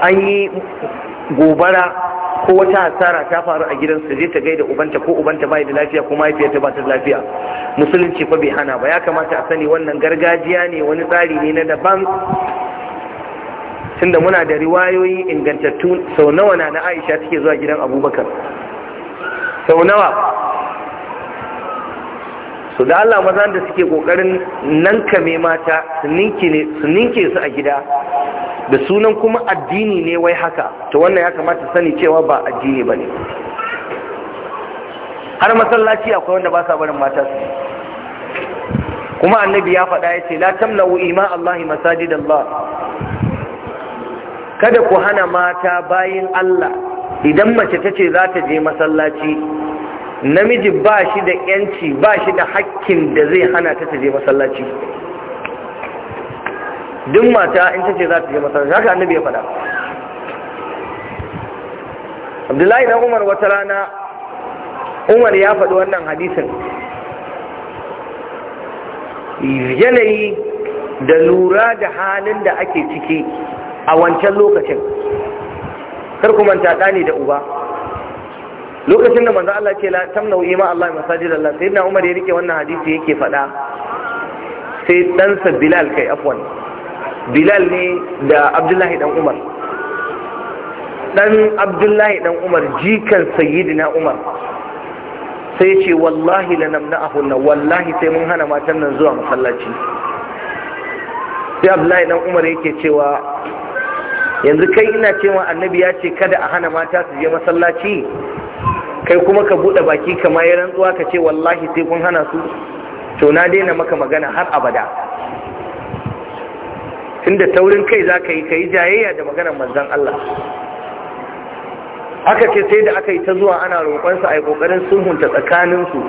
an yi gobara ko wata hasara ta faru a gidansu je ta gaida ubanta ko ubanta yi da lafiya ko ta ba ta lafiya musulunci fa bai hana ba ya kamata a sani wannan gargajiya ne wani tsari ne na daban tunda muna da riwayoyi ingantattu sau nawa na aisha take zuwa gidan abubakar sau nawa su da allah mazan da suke kokarin nan kame mata su ninke su a gida da sunan kuma addini ne wai haka to wannan ya kamata sani cewa ba addini ba ne har masallaci akwai wanda ba sa barin mata su kuma annabi ya faɗa ya ce la tamna'u ima allahi masajidallah kada ku hana mata bayin Allah idan mace ta ce za ta je masallaci namiji ba shi da ƴanci, ba shi da hakkin da zai hana ta ta je masallaci duk mata in ta ce za ta je masallaci haka annabi ya faɗa abdullahi na umar wata rana umar ya faɗi wannan hadisin yanayi da lura da halin da ake ciki a wancan lokacin kar ku manta ɗani da uba lokacin da manzo Allah ce la tamnau ima Allah masajid Allah sayyidina Umar ya rike wannan hadisi yake faɗa sai ɗansa Bilal kai afwan Bilal ne da Abdullahi dan Umar dan Abdullahi dan Umar jikan sayyidina Umar sai ce wallahi lanamna'ahun wallahi sai mun hana matan nan zuwa masallaci sai Abdullahi dan Umar yake cewa yanzu kai ina cewa annabi ya ce kada a hana mata su je masallaci kai kuma ka buɗe baki kama ya rantsuwa ka ce wallahi sai kun hana su to na daina maka magana har abada tunda taurin kai za ka yi ka yi jayayya da maganar manzan Allah aka ce sai da aka yi ta zuwa ana roƙonsa a yi ƙoƙarin sulhunta tsakaninsu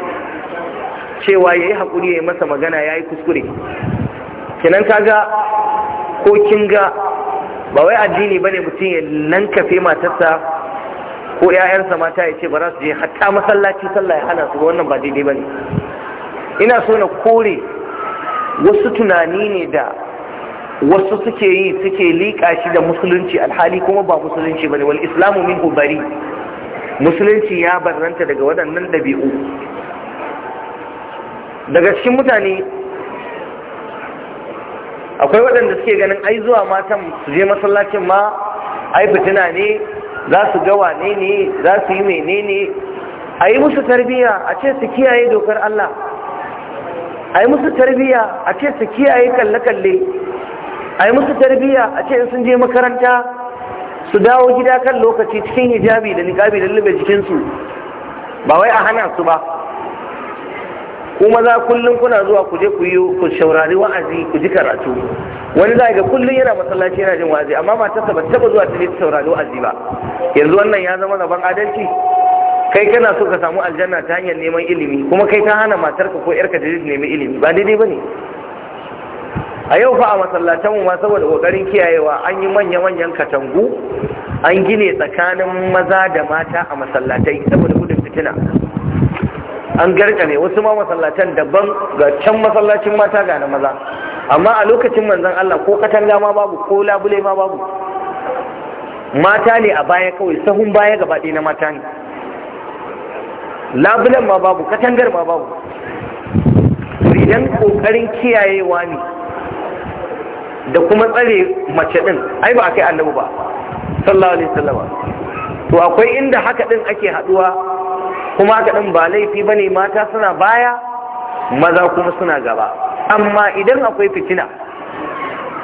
cewa ya yi haƙuri ya yi masa magana ya yi kuskure kenan ga ko kin ga ba wai addini bane mutum ya lankafe matarsa ko ƴaƴansa mata ya ce ba za su je hatta masallaci sallah ya hana su ga wannan ba daidai bane ina so na kore wasu tunani ne da wasu suke yi suke liƙa shi da musulunci alhali kuma ba musulunci bane wal islamu min bari musulunci ya barranta daga waɗannan ɗabi'u daga cikin mutane akwai waɗanda suke ganin ai zuwa matan su je masallacin ma ai fitina ne za su ga wane ne za su yi menene a yi musu tarbiyya a ce su kiyaye dokar Allah a yi musu tarbiyya a ce su kiyaye kalle-kalle a yi musu tarbiyya a ce sun je makaranta su dawo gida kan lokaci cikin hijabi da niƙabi da lullube jikinsu ba wai a hana su ba kuma za kullum kuna zuwa ku je ku yi ku shaurari wa'azi ku ji karatu wani za ga kullum yana masallaci yana jin wa'azi amma ba ta taba zuwa ta saurari wa'azi ba yanzu wannan ya zama zaban adalci kai kana so ka samu aljanna ta hanyar neman ilimi kuma kai ka hana matarka ko yarka da nemi ilimi ba daidai ne? a yau fa a masallatan mu ma saboda kokarin kiyayewa an yi manya manyan katangu an gine tsakanin maza da mata a masallatai saboda gudun fitina an ne wasu ma masallatan daban ga can masallacin mata ga na maza amma a lokacin manzon Allah ko katanga ma babu ko labule ma babu mata ne a baya kawai sahun baya gaba ɗaya na mata ne labulen ma babu katangar ma babu idan kokarin kiyayewa ne da kuma tsare mace ɗin ai ba a kai annabi ba sallallahu alaihi wasallam to akwai inda haka ɗin ake haɗuwa kuma kaɗan ɗin ba laifi ba ne mata suna baya maza kuma suna gaba amma idan akwai fitina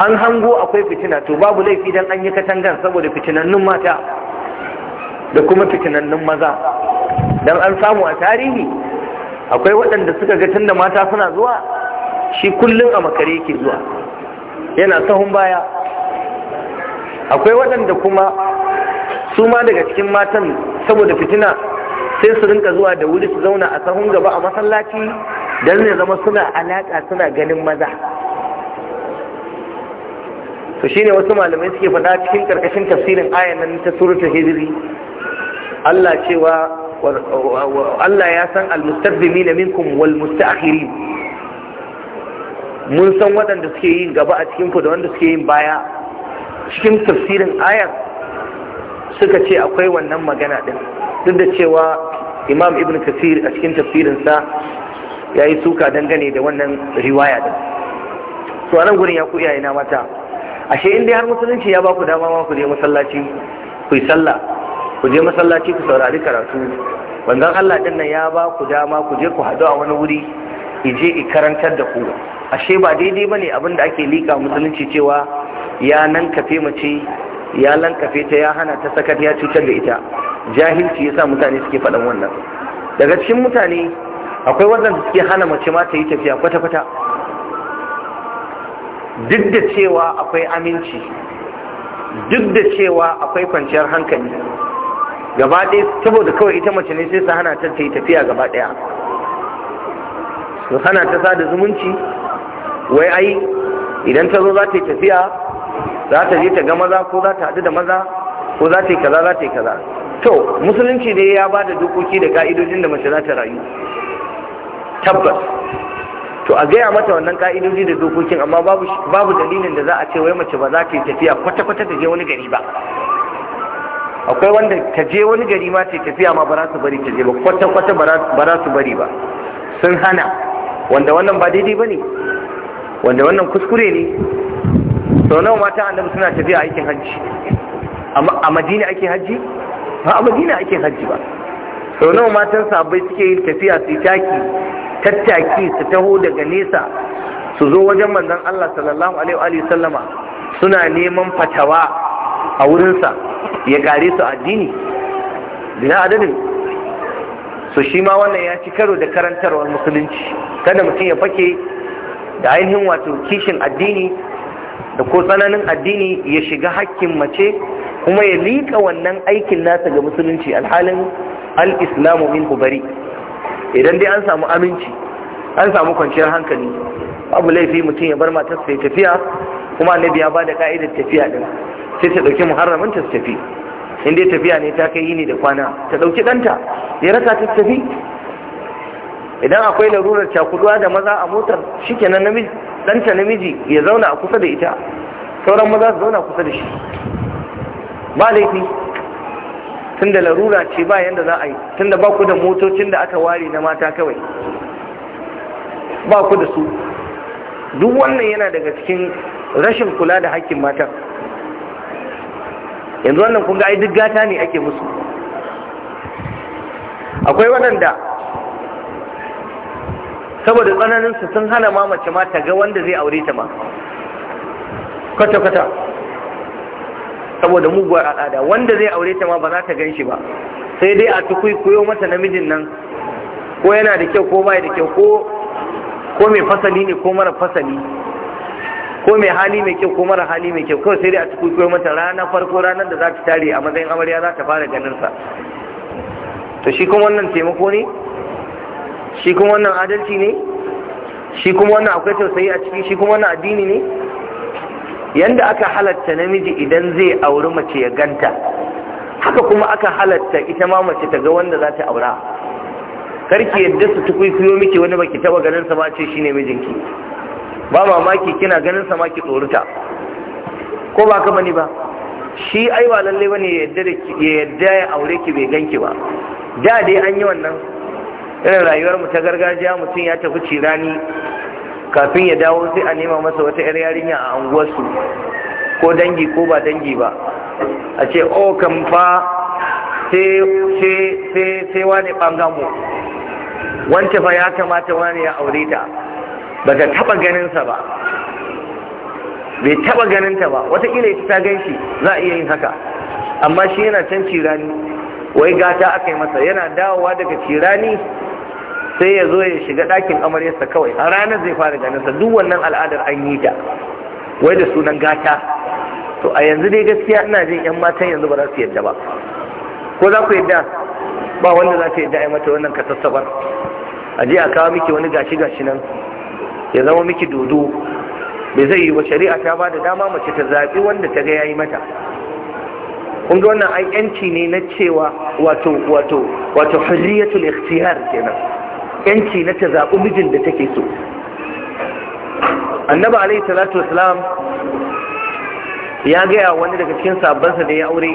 an hango akwai fitina to babu laifi don an yi katangan saboda fitinannun mata da kuma fitinannun maza don an samu a tarihi akwai waɗanda suka ga tun da mata suna zuwa shi kullum a makare yake zuwa yana sahun baya akwai waɗanda kuma su ma daga cikin matan saboda fitina sai su rinka zuwa da wuri su zauna a sahun gaba a masallaci don ne zama suna alaƙa suna ganin maza to ne wasu malamai suke fada cikin ƙarƙashin tafsirin ayan nan ta suratul hijri Allah cewa Allah ya san na minkum wal mustaakhirin mun san waɗanda suke yin gaba a cikin ku da wanda suke yin baya cikin tafsirin a'yan suka ce akwai wannan magana din duk da cewa imam ibn kasir a cikin tafsirinsa ya yi suka dangane da wannan riwaya da to a nan gurin ya ku na mata ashe in dai har musulunci ya baku dama ma ku je masallaci ku yi sallah ku je masallaci ku saurari karatu wannan Allah din nan ya ba ku dama ku je ku hadu a wani wuri ije i karantar da ku ashe ba daidai bane abin da ake lika musulunci cewa ya nan kafe mace ya lankafe ta ya hana ta sakat ya cutar da ita jahilci ya sa mutane suke faɗin wannan daga cikin mutane akwai wadanda suke hana mace ma ta yi tafiya kwata-kwata duk da cewa akwai aminci duk da cewa akwai kwanciyar hankali gaba ɗaya saboda kawai ita mace ne sai su hana ta ta yi tafiya gaba ɗaya su hana ta sada zumunci wai ai idan ta zo za ta yi tafiya za ta je ta ga maza ko za ta haɗu da maza ko za ta yi kaza za ta yi kaza to musulunci ne ya ba da dokoki da ka'idojin da mace za ta rayu tabbas to a gaya mata wannan ka'idoji da dokokin amma babu dalilin da za a ce wai mace ba za ta yi tafiya kwata-kwata ta je wani gari ba akwai wanda ta je wani gari ma ta tafiya ma ba za su bari ta je ba kwata-kwata ba za su bari ba sun hana wanda wannan ba daidai ba ne wanda wannan kuskure ne sau nawa mata annabi suna tafiya aikin hajji a madina ake hajji ba a madina ake hajji ba sau nawa matan sabai suke yin tafiya su taki tattaki su taho daga nesa su zo wajen manzon Allah sallallahu alaihi wa sallama suna neman fatawa a wurinsa ya kare su addini dina adadin su shi ma wannan ya ci karo da karantarwar musulunci kada mutum ya fake da ainihin wato kishin addini da ko tsananin addini ya shiga hakkin mace kuma ya liƙa wannan aikin nasa ga musulunci alhalin al-islamu min bari idan dai an samu aminci an samu kwanciyar hankali babu laifi mutum ya bar matarsa ya tafiya kuma annabi ya bada ka'idar tafiya din sai ta dauki muharramin ta tafi in dai tafiya ne ta kai yini da kwana ta dauki danta ya raka ta tafi idan akwai larurar cakuduwa da maza a motar shikenan namiji danta namiji ya zauna a kusa da ita sauran maza su zauna kusa da shi ba laifi tun da larura ce ba yanda za a yi tunda ba ku da motocin da aka ware na mata kawai ba ku da su duk wannan yana daga cikin rashin kula da hakkin mata yanzu wannan kun ai duk gata ne ake musu akwai waɗanda saboda tsananinsu sun hana mamace mata ga wanda zai aure ta ma kwata-kwata saboda muguwar al'ada wanda zai aure ta ma ba za ta gan shi ba sai dai a koyo mata namijin nan ko yana da kyau ko bai da kyau ko ko mai fasali ne ko mara fasali ko mai hali mai kyau ko mara hali mai kyau kawai sai dai a koyo mata ranar farko ranar da za ta tare a matsayin amarya za ta fara ganin sa to shi kuma wannan taimako ne shi kuma wannan adalci ne shi kuma wannan akwai tausayi a ciki shi kuma wannan addini ne yanda aka halatta namiji idan zai auri mace ya ganta haka kuma aka halatta ita ma mace ta ga wanda za ta aura karki yadda su kuyo miki wani baki taba ganin sa ba ce shine mijinki ba mamaki kina ganin sa ma ki tsorata ko ba ka bani ba shi ai ba lalle bane yadda yadda ya yadda ya aure ki bai ganki ba da dai an yi wannan irin rayuwar mu ta gargajiya mutum ya tafi cirani kafin ya dawo sai a nema masa wata 'yar yarinya a anguwarsu ko dangi ko ba dangi ba a ce o oh, kan fa sai wani bangamu wanda fa ya kamata wani ya aure ta ba ta taɓa ganinsa ba bai taɓa ganinta ba wataƙila ita ta gan shi za a iya yin haka amma shi yana can cirani wai gata aka yi masa yana dawowa daga cirani sai ya zo ya shiga ɗakin amaryarsa kawai a ranar zai fara ganinsa duk wannan al'adar an yi ta wai da sunan gata to a yanzu dai gaskiya ina jin yan matan yanzu ba za su yadda ba ko za ku yadda ba wanda za ta yadda a yi mata wannan kasassabar a je a kawo miki wani gashi gashi nan ya zama miki dodo bai zai yi ba shari'a ta ba da dama mace ta zaɓi wanda ta ga ya yi mata kun ga wannan ai ne na cewa wato wato wato hurriyatul ikhtiyar kenan yanci na ta zaɓi mijin da take so annaba alayhi salatu wasalam ya gaya wani daga cikin sabansa da ya aure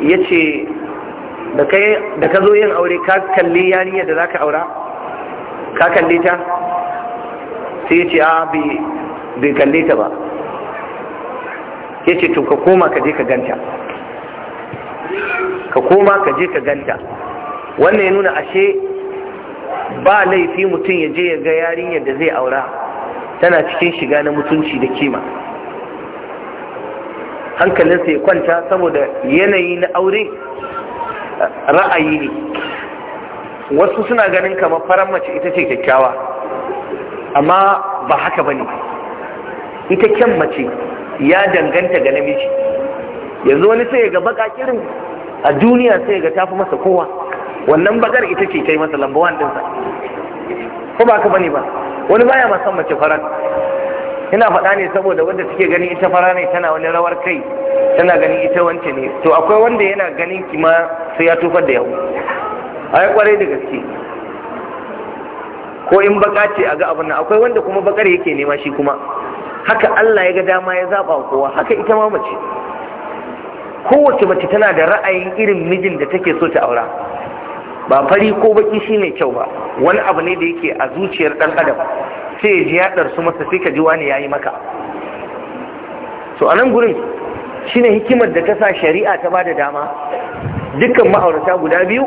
ya ce da ka zo yin aure ka kalli yariya da za ka aura ka kalli ta sai ya ce a bai kalli ta ba ya ce to ka koma ka je ka ganta ka koma ka je ka ganta wannan ya nuna ashe ba laifi mutum ya je ya ga yarinyar da zai aura tana cikin shiga na mutunci da kima hankalinsa ya kwanta saboda yanayi na aure ra'ayi ne wasu suna ganin kamar farar mace ita ce kyakkyawa amma ba haka ba ne ita kyan mace ya danganta ga namiji yanzu wani sai ga baka kirin a duniya sai ga tafi masa kowa wannan bagar ita ce ta yi masa lamba ɗinsa ko ba ka bane ba wani baya ma son mace farar ina faɗa ne saboda wanda suke gani ita fara ne tana wani rawar kai tana gani ita wance ne to akwai wanda yana ganin ki ma sai ya tofar da yau ai kwarai da gaske ko in baka ce a ga abin nan akwai wanda kuma bakar yake nema shi kuma haka Allah ya ga dama ya zaba kowa haka ita ma mace kowace mace tana da ra'ayin irin mijin da take so ta aura ba fari ko baki shi ne kyau ba wani abu ne da yake a zuciyar ɗan adam sai ya ji ya masa sai ka ji wani yi maka so a nan gurin ne hikimar da ta sa shari'a ta ba da dama dukkan ma'aurata guda biyu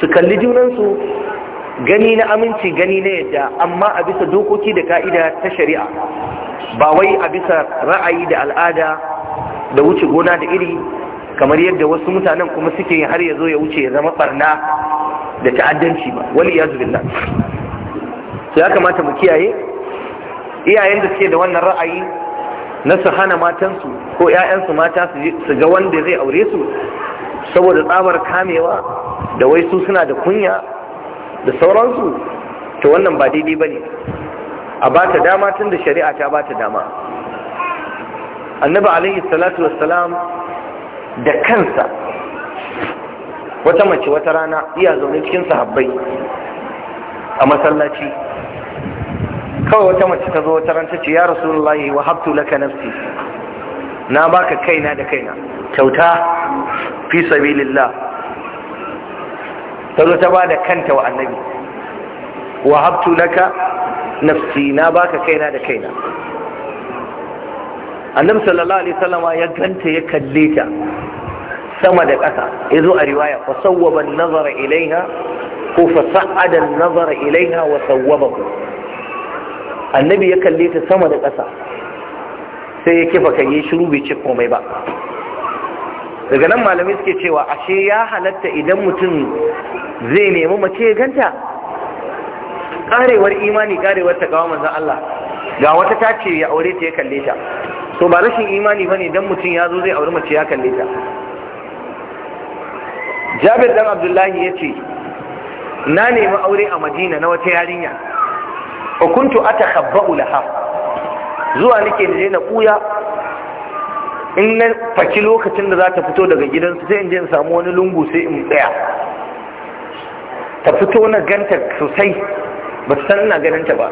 su kalli junansu gani na aminci gani na yadda amma a bisa dokoki da ka'ida ta shari'a ba wai a bisa ra'ayi da al'ada da wuce gona da iri kamar yadda wasu mutanen kuma suke har ya zo ya wuce ya zama barna da ta'addanci ba Wani ya zubilla su ya kamata mu kiyaye iyayen da suke da wannan ra'ayi na su hana matansu ko 'ya'yansu mata su ga wanda zai aure su saboda tsabar kamewa da wai su suna da kunya da sauransu to wannan ba daidai ba ne a ba ta dama tun da shari'a ta ba ta dama annabi alaihi salatu wassalam da kansa wata mace wata rana iya zaune cikin sahabbai a masallaci kawai wata mace ta zo wata ranta ce ya rasulullahi wa habtu laka nafsi na baka kaina da kaina kyauta fi sabilillah ta zo ta ba da kanta wa annabi wa habtu laka nafsi na baka kaina da kaina annabi sallallahu alaihi wasallama ya ganta ya kalle ta sama da ƙasa ya zo a riwaya fa sawwaba nazara ilaiha ko fa sa'ada nazara ilaiha wa sawwaba annabi ya kalle ta sama da ƙasa sai ya kifa kai shiru bai ce komai ba daga nan malamai suke cewa ashe ya halatta idan mutum zai nemi mace ganta karewar imani karewar ta kawo manzon Allah ga wata ta ce ya aure ta ya kalle ta to ba rashin imani bane dan mutum ya zo zai auri mace ya kalle ta Jabir dan Abdullahi ce na nemi aure a Madina na wata yarinya fa kuntu atakhabba'u laha zuwa nake da na kuya in na faki lokacin da za ta fito daga gidansu sai in je in samu wani lungu sai in tsaya ta fito na ganta sosai ba san ina ganin ta ba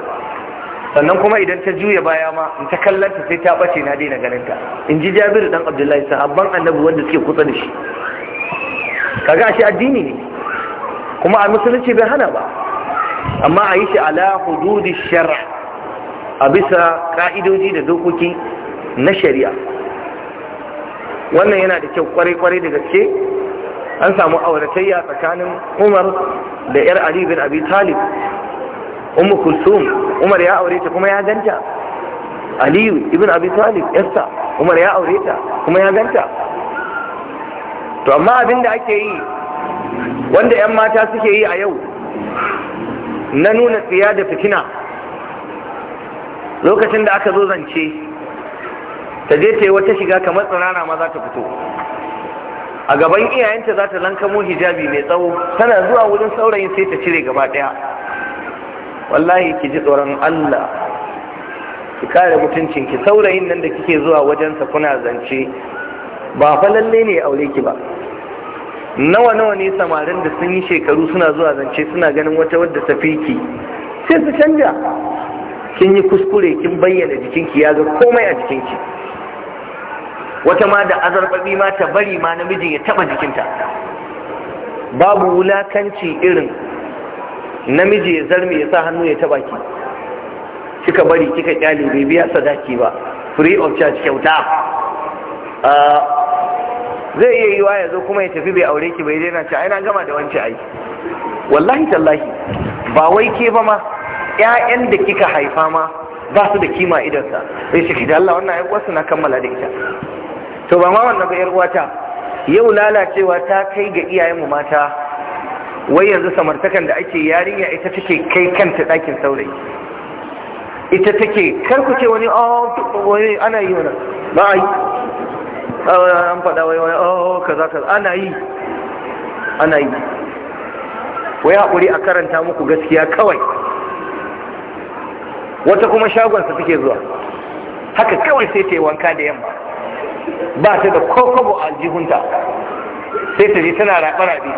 sannan kuma idan ta juya baya ma in ta kallanta sai ta bace na daina ganin ta in ji jabiru dan abdullahi sahabban annabi wanda suke kusa da shi kaga shi addini ne kuma a musulunci bai hana ba amma a yi shi ala hududi shara a bisa ka'idoji da dokoki na shari'a wannan yana da kyau kwarai-kwarai da gaske an samu auratayya tsakanin umar da yar ali bin abi talib Umu kulsum umar ya aure ta kuma ya ganta aliyu ibn abi talib yasta umar ya aure ta kuma ya ganta to amma abin da ake yi wanda 'yan mata suke yi a yau na nuna tsiya da fitina lokacin da aka zo zance ta je ta yi wata shiga kamar tsirana ma za ta fito a gaban iyayenta za ta lankamo hijabi mai tsawo tana zuwa wurin saurayin sai ta cire gaba ɗaya wallahi ki ji tsoron Allah ki kare mutuncin ki saurayin nan da kike zuwa wajensa kuna zance ba fa lalle ne aure ki ba nawa nawa ne samarin da sun yi shekaru suna zuwa zance suna ganin wata wadda ta fi ki sai su canja kin yi kuskure kin bayyana jikinki ya ga komai a jikinki wata ma da azarbabi ma ta bari ma namijin ya taba jikinta babu wulakanci irin namiji ya zarme ya sa hannu ya taba ki kika bari kika kyale bai biya sadaki ba free of charge kyauta ah, zai iya yiwa ya zo kuma ya tafi bai aure ki bai daina ci ai na gama da wancan ai wallahi tallahi ba wai ke ba ma ƴaƴan da kika haifa ma ba su da kima sa, sai shi da Allah wannan ai na kammala da ita to ba ma wannan ba yar uwata yau lalacewa ta kai ga iyayenmu mata wai yanzu samartakan da ake yarinya ita take kai kanta ɗakin saurayi ita take ku ce wani oh, wani ana yi wani ba a yi an faɗa wai wani oh kaza kaza ana yi ana yi wai haƙuri a karanta muku gaskiya kawai wata kuma shagonsa take zuwa haka kawai sai ta yi wanka da yamma ba ta da kokobo a aljihunta sai ta ji tana raɓe-raɓe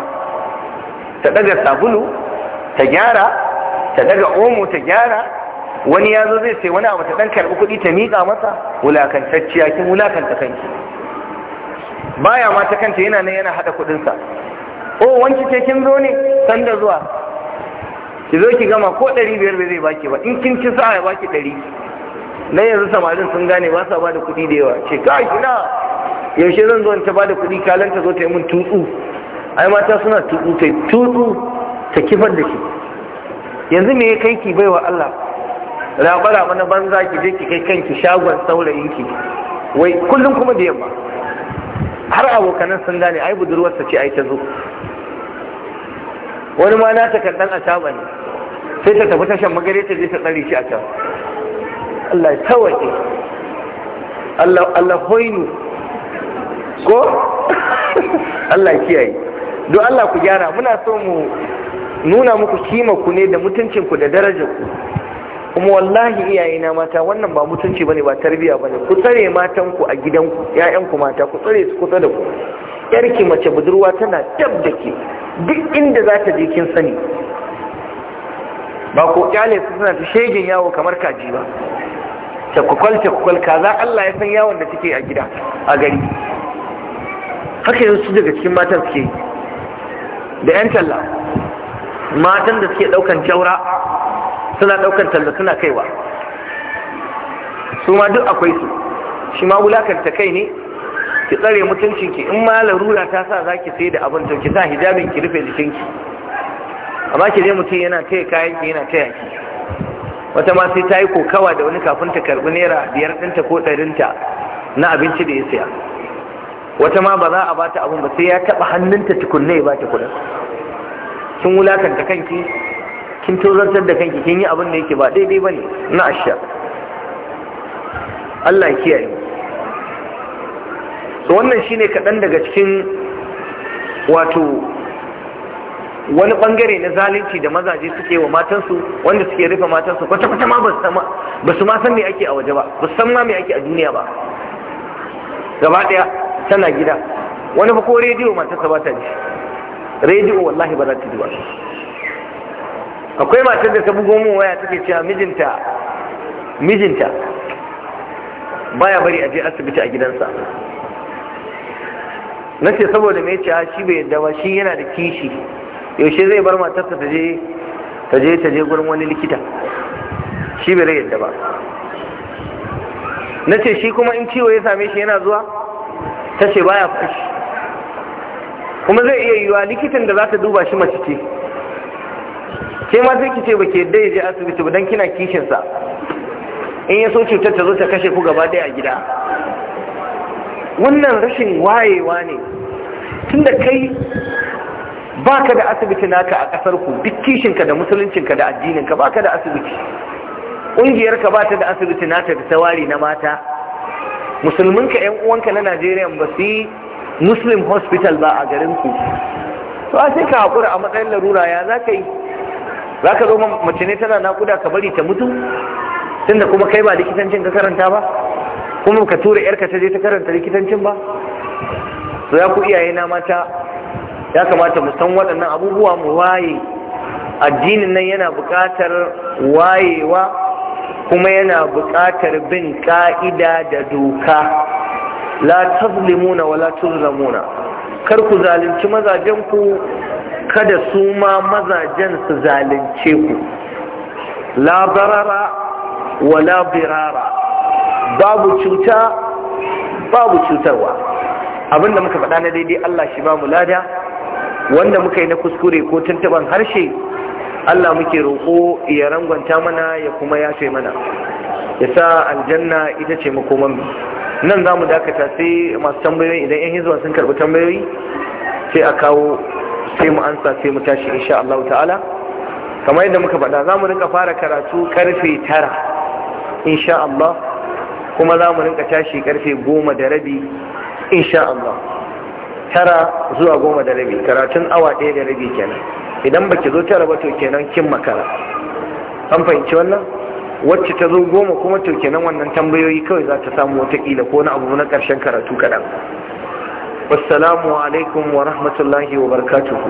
ta daga sabulu ta gyara ta daga omo ta gyara wani ya zo zai sai wani abu ta dan karbi kuɗi ta miƙa masa wulakantacciya kin wulakanta kanki baya ma ta kanta yana nan yana hada kuɗin sa oh wanki ce kin zo ne sanda zuwa ki zo ki gama ko 500 bai zai baki ba in kin ci sa ya baki ɗari. na yanzu samarin sun gane ba sa bada kuɗi da yawa ce kai kina yaushe zan zo in ta bada kuɗi kalanta zo ta yi min tutsu ai mata suna tudu ta ta kifar da shi yanzu me ya kai ki baiwa Allah rabara mana banza ki je ki kai kanki shagon saurayin ki wai kullum kuma da yamma har abokanan sun gane ai budurwarsa ce ai ta zo wani ma ta kan a shagon ne sai ta tafi tashan magare ta je ta tsare shi a can Allah ya tawaki. Allah Allah hoyi ko Allah kiyaye don Allah ku gyara muna so mu nuna muku kima ku ne da mutuncinku da darajar ku kuma wallahi iyayena mata wannan ba mutunci bane ba tarbiya bane ku tsare matanku a gidanku 'ya'yanku mata ku tsare su kusa da ku yarki mace budurwa tana dab da ke duk inda za ta je kin sani ba ko kyale su suna ta shegin yawo kamar kaji ba takukwal takukwal kaza Allah ya san yawon da take a gida a gari haka yanzu daga cikin matan suke yi da 'yan talla matan da suke ɗaukan kyaura suna ɗaukan talla suna kaiwa su ma duk akwai su shi ma wulakanta kai ne ki tsare mutuncin ki in ma larura ta sa za ki sai da abin to ki sa hijabin ki rufe jikinki amma ki dai mutum yana taya kayan ki yana taya ki wata ma sai ta yi kokawa da wani kafin ta karɓi naira biyar ɗinta ko ɗarinta na abinci da ya siya wata ma ba za a bata abun ba sai ya taba hannunta tukunne ya bata kudin kin wulakanta kanki kin tozartar da kanki kin yi abin da yake ba daidai bane na asha Allah ya kiyaye so wannan shine kadan daga cikin wato wani bangare na zalunci da mazaje suke wa matansu wanda suke rufe matansu kwata-kwata ma ba su ma san me ake a waje ba ba su san ma me ake a duniya ba gaba daya tana gida wani fa ko rediyo matarsa ba ta ji rediyo wallahi ba za ta ji ba akwai matar da ta bugo mu waya take cewa mijinta mijinta baya bari a je asibiti a gidansa na ce saboda mai cewa shi bai yadda ba shi yana da kishi yaushe zai bar matarsa ta je ta je ta je gurin wani likita shi bai yadda ba na ce shi kuma in ciwo ya same shi yana zuwa ta ce baya fashi kuma zai iya yiwuwa likitan da za ta duba shi mace ce ke ma sai kice ba ke yadda ya je asibiti ba don kina kishinsa in ya so cutar ta zo ta kashe ku gaba daya a gida wannan rashin wayewa ne tunda kai baka da asibiti naka a kasar ku duk kishinka da musuluncinka da addininka ka da asibiti ƙungiyarka ba ta da asibiti nata da tawari na mata ka yan uwanka na najeriya ba su yi muslim hospital ba a garin ku to a sai ka haƙura a matsayin larura ya za ka yi za ka zo mace ne tana nakuda ka bari ta mutu tunda kuma kai ba likitancin ka karanta ba kuma ka tura yarka ta je ta karanta likitancin ba to ya ku iyaye na mata ya kamata mu san waɗannan abubuwa mu waye addinin nan yana buƙatar wayewa kuma yana buƙatar bin ƙa'ida da doka la tazlimuna wa la tuzlamuna kar ku zalunci mazajen kada su ma mazajen su zalunce ku la barara wa la birara babu cuta babu cutarwa abinda muka faɗa na daidai Allah shi ba mu lada wanda muka yi na kuskure ko tuntuban harshe Allah muke roƙo ya rangwanta mana ya kuma yafe mana ya sa aljanna ita ce makoman nan za mu dakata sai masu tambayoyi idan yan hizuwa sun karɓi tambayoyi sai a kawo sai mu ansa sai mu tashi insha Allah ta'ala kamar yadda muka faɗa za mu rinka fara karatu karfe tara insha Allah kuma za mu rinka tashi karfe goma da rabi insha Allah tara zuwa goma da rabi karatun awa ɗaya da rabi kenan idan ba ki zo tara ba to kenan kin makara an fahimci wannan wacce ta zo goma kuma to kenan wannan tambayoyi kawai za ta samu watakila ko na abu na ƙarshen karatu kaɗan wassalamu alaikum wa rahmatullahi wa barakatuhu